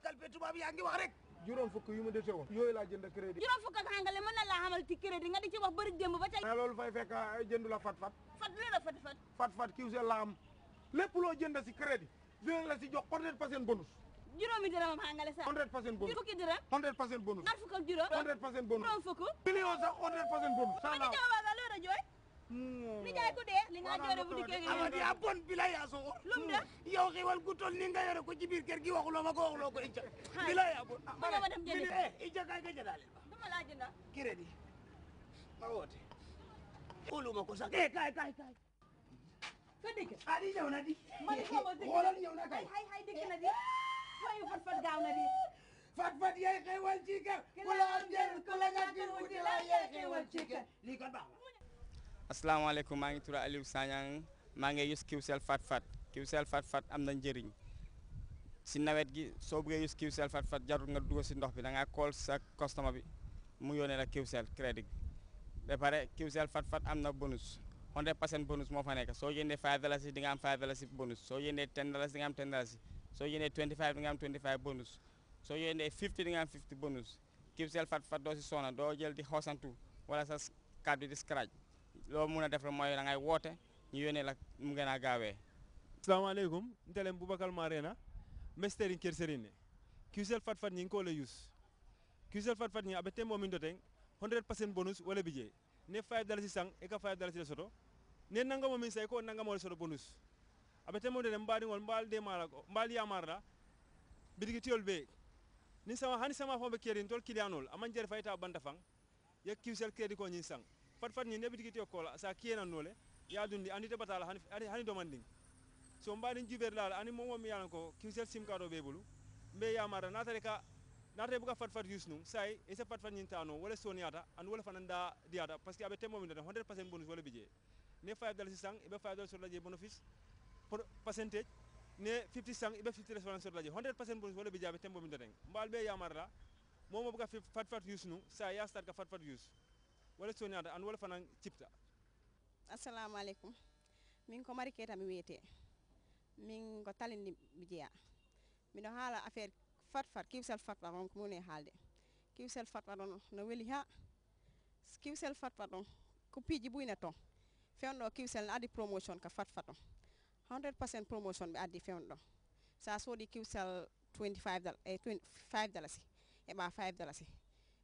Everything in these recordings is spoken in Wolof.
for tubaab yaa ngi wax rek juróom fukk yu ma dese yooyu laa jënd crédit juróom fukk ak àngale mën na laa xamal ci crédit nga di wax bëri démb ba tey mais loolu ah, jëndu la fat fat fat lu la fat loo jënd si crédit dina la si jox hundred percent bonus juróomi dërëm am àngale sax hundred percent hundred percent bonus ñaar fukk ak hundred percent bonus juróom fukk million sax hundred percent bonus ni jaay ko dee li nga jore bu dikkee amadi a bon bilay a soxor lum ni nga yore ko ci biir kër gi waxuloo ma ko waxuloo ko ija bilay a bon ah, ma dem jëndi eh, ija kay ga jëndale dama laa ma woote xoolu ma ko sax eh kay kay kay ka dikk a ah, di na di ma ni na kay hay hay dikk na di wayu fat na di fat fat yaay xewal ci kër assalamu alaykum ma ngi tura aliou sañang ma ngi yus kiwsel fat fat kiwsel fat fat am na njëriñ si nawet gi so bëgg yus kiwsel fat fat jarul nga duggu ci ndox bi da ngaa call sa customer bi mu yone la kiwsel crédit bi ba pare kiwsel fat fat am bonus 100% bonus mo fa nek so yene 5 dollars di nga am 5 dollars bonus so yene 10 dollars di nga am 10 dollars so jëndee 25 di nga am 25 bonus so yene 50 di nga am 50 bonus kiwsel fat fat do si sona do jël di xoosantu wala sa kàddu di scratch loo mun a def rek mooy da ngay woote ñu yónnee la mu gën a gaawee salaamaaleykum ntelem Boubacar Marena mesterin ker serine kiusel fat fat ñing ko le use kiusel fat fat ñi abete mo min 100% bonus wala bije ne 5 dalasi sang e ka 5 dalasi soto ne nanga mo say ko nanga mo soto bonus abete mo de mbadi ngol mbal de mala ko mbal ya marla bidigi tiol be ni sama hani sama fombe kerin tol kilianol aman jer fayta banda fang yak kiusel kredi ko ñin sang fat fat ñin yebiti kitiyo kola sa kiyena nole ya dundi andi te batala hani hani domanding so mbani juber lala ani momo mi yalan ko sim kado be bulu ya mara natare ka natare buka fat fat yusnu sai ese fat fat ñin tano wala soniata and wala fananda diata parce que abe temo mi ndata 100% bonus wala bije ne 5 dal 600 ibe 5 dal sur la je bonus percentage ne 50 sang ibe 50 restaurant sur la je 100% bonus wala bije abe temo mi ndata mbal be ya mara momo buka fat fat yusnu sai ya start ka fat fat yusnu wala soñaata an wala fanan cipta assalamu alaikum min ko mari keta mi wiyete min ko talindi mi jeya miɗo haala affaire fat fat kiwsel fatwa on ko mune haalde kiwsel fatwa ɗon no weli ha kiwsel fatwa ɗon ko piiji buyna ton fewno kiwsel ne promotion ka fat fat 100% promotion ɓe addi fewno ɗon sa soodi kiwsel 25 dal eh, 25 dalasi Eba 5 dalasi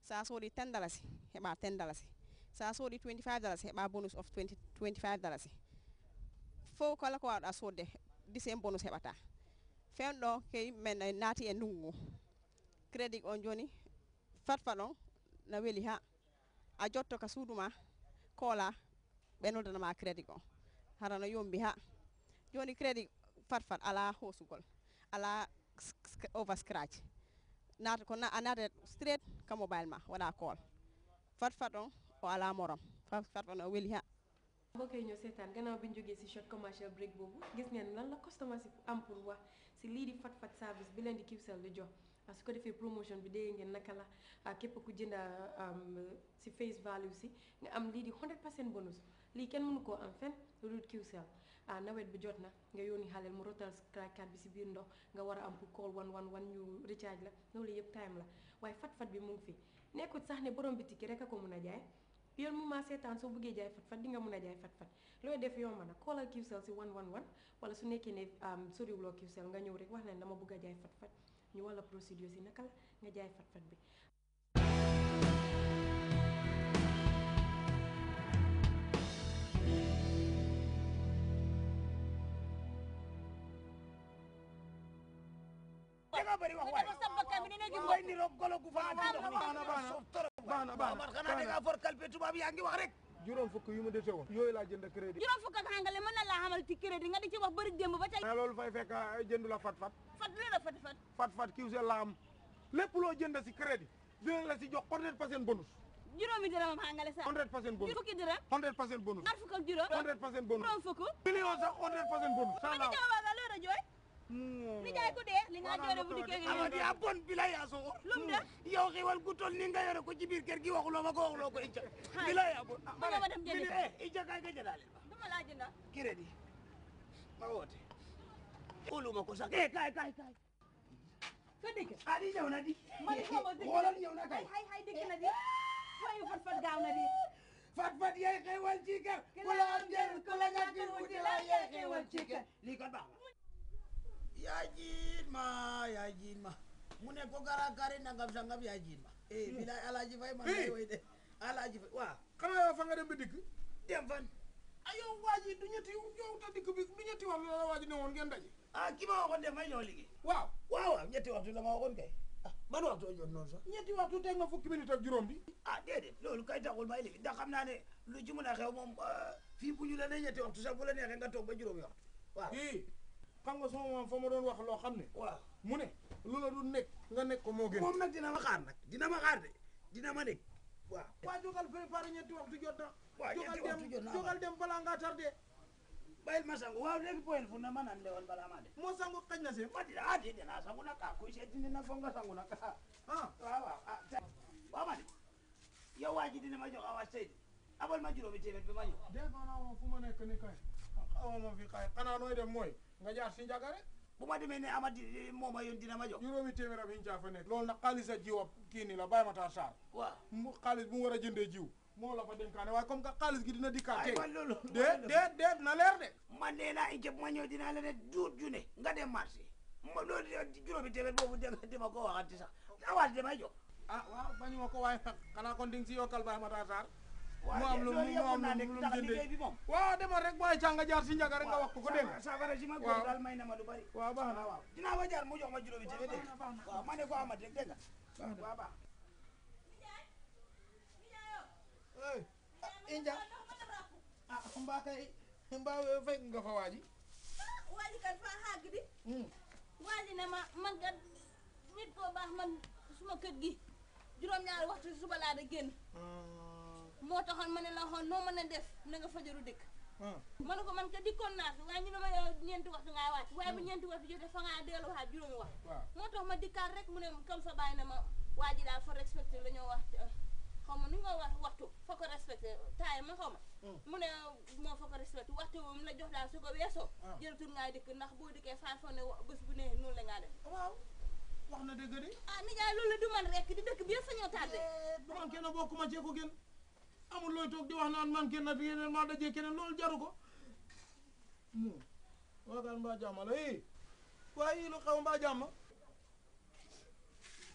sa soodi 10 dalasi Eba 10 dalasi so I a soodi 25 dollars My bonus of 20 25 dollars fof kala ko wawɗa sodde the same bonus heɓata uh, fenɗo ko yimɓemen uh, naati e ndungu crédit on joni fatfat on no weeli ha a jotto ka suudu ma koola ɓenoldanama crédit on hara no yombi ha joni crédit fatfat ala hoosugol ala over scratch naata ko a straight ka mobile ma waɗa kool fatfat on ala morom fa farfana weli ha mbokk yi ñoo seetaan gannaaw bi ñu jógee si shot commercial break boobu gis ngeen lan la customer si am pour wax si lii di Fat Fat service bi leen di Qcell di jox ah, su ko defee promotion bi dégg ngeen naka la ah, képp ku jënda si face value si nga am lii di 100% bonus lii kenn mënu koo am fenn lu dul Qcell ah, nawet bi jot na nga yónni xaleel mu rotal carte bi si biir ndox nga war am pour call wan wan wan ñu recharge la loolu yëpp time la waaye Fat bi mu ngi fi sax ne borom bitiki rek a ko mun a jaay yow mu ma seetaan soo buggee jaay fatfat di nga mun a jaay fatfat looy def yomb na koolal Qcell si 111 wala su nekkee ne soriwuloo Qcell nga ñëw rek wax leen dama bëgg a jaay fatfat ñu wala procédure si naka la nga jaay fatfat bi dafa baax na baax na waaw xanaa tubaab yaa ngi wax rek. juróom fukk yu ma dese yooyu laa jënd crédit. juróom fukk ak hangale mën na laa xamal ci crédit nga di wax bëri démb ba tey. se laam lépp loo jënd si crédit dina la si jox 100% bonus. juróomi dërëm am hangale sax. 100% bonus bonus. ñaar fukk ak juróom. 100% bonus. juróom fukk. million sax 100% bonus. saa ni jaay ko dee li nga jore bu dikkee nga amati a ah, bon bila yaa soxor lum de hmm. yow xewal gu tol ni nga ko ci biir gi waxuloo ma ko waxuloo ko ija bila yaa ah, bon ma nga ma dem jëndi eh ija kaay nga jëndaale dama laa jënda crédit ma woote xooluma ko sax eh kaay ah, di ñëw di man ko na kay hay hay dikk di wayu fat fat gaaw na di fat fat yaay xewal ci kër yajinma ma mu ne ko gara gari nangam sangam yajinma eh, eh bilay alaaji fay ma ngay eh! way de alaaji fay waaw xanaa yow fa nga dem ba dikk dem fan a ah, yow waa ji du ñetti yow ta dikk bi du ñetti waxtu la waa ji ne woon ngeen daje ah ki ma waxoon de may ñoo liggéey waaw waaw waaw ñetti waxtu la ma waxoon kay ah ban waxtu a jot noonu sax ñetti waxtu teg nga fukki minute ak juróom bi ah déedéet loolu kay taxul may liggéey ndax xam naa ne lu ci mën a xew moom ah, fii bu ñu la ne ñetti waxtu sax bu la neexee nga toog ba juróomi waxtu xam nga sama maam fa ma doon wax loo xam ne. waaw mu ne lu a du nekk nga nekk ko moo gën. moom dina ma xaar nag dina ma xaar de dina ma nekk waaw. waa jógal préparé ñetti waxtu jot na. waaw ñetti waxtu jot na jógal dem balaa ngaa tardé. ma sangu waaw léegi point fu ma naan lewoon maa de. moo sangu xëj na ma dina ah di dinaa sangu nag ah kuy seet dina foog nga sangu nag ah. a ah. waaw waaw ah. waaw ma de yow waa ji dina ma jox awa ah, Seydou abal ma juróomi téeméer bi ma ñëw. dégg nga fu ma nekk ni kay. awa ma fi kay xanaa nooy nga jaar si bu ma demee ne Amady eh, moom a yoon dina ma jox. juróomi téeméer am yi ñu caa fa nekk. loolu a jiw ab kii la Baye Matar Sarr. waaw mu xaalis bu mu war a jëndee jiw. moo la fa dénkaane waaye comme que xaalis gi dina dikkaatee. aywa loolu déet déet na leer de. man de naa incha ma ñëw dinaa la de duut ju ne nga dem marché ma loolu juróomi téeméer boobu dama ko waxati sax awaati damay jox. ah ma bañu ma ko waaye xanaa kon di nga si yokkal Baye Matar Sarr. ma góor daal ma lu bari waaw baax na waaw dinaa wa jaar mu jox ma juróomi cere dégg waaw ma ne ko amat rek nga waaw baax ah, inja ah mbaa kay mbaa fekk nga fa waaji ah, waaji kat fa hmm. ma suma kër gi juróom-ñaari waxtu suba laa da moo taxoon ma ne la xoon noo mën a def na nga fajaru dëkk hmm. ma ne ko man ka dikkoon naa fi waaye ñu ne ma yow ñeenti waxtu ngaa wàcc waaye bu hmm. ñeenti waxtu jotee fa ngaa dellu waxaat juróomi wax moo tax ma dikkaat rek mu ne comme sa bàyyi na ma waa ji daal fa respecté la ñoo wax euh, xaw ma nu nga wax waxtu fa ko respecté taay ma xaw ma hmm. mu ne moo fa ko respecté waxtu moom la jox daal su ko weesoo jëlatul ngaa dëkk ndax boo dëkkee faa foo ne bés bu ne noonu la ngaa def waaw wax na dëgg de ah nijaay loolu la du man rek di dëkk bi yëpp fa ñoo tardé eh, du gën amul looy toog di wax naan man kenn fi yeneen maa dajee keneen loolu jaru ko moom waagaan mbaa jàmm la eh waaye yi lu xaw mbaa jàmm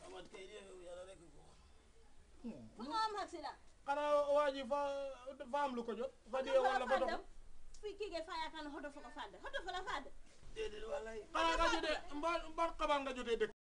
amat kay yow yàlla rek am accident xanaa waa ji fa fa am lu ko jot fa dee fa dox fi kii ge fa yaakaar ne xoto fa ko fàdd xoto fa la fàdd déedéet wallaay xanaa nga jotee mba mba xabaar nga jotee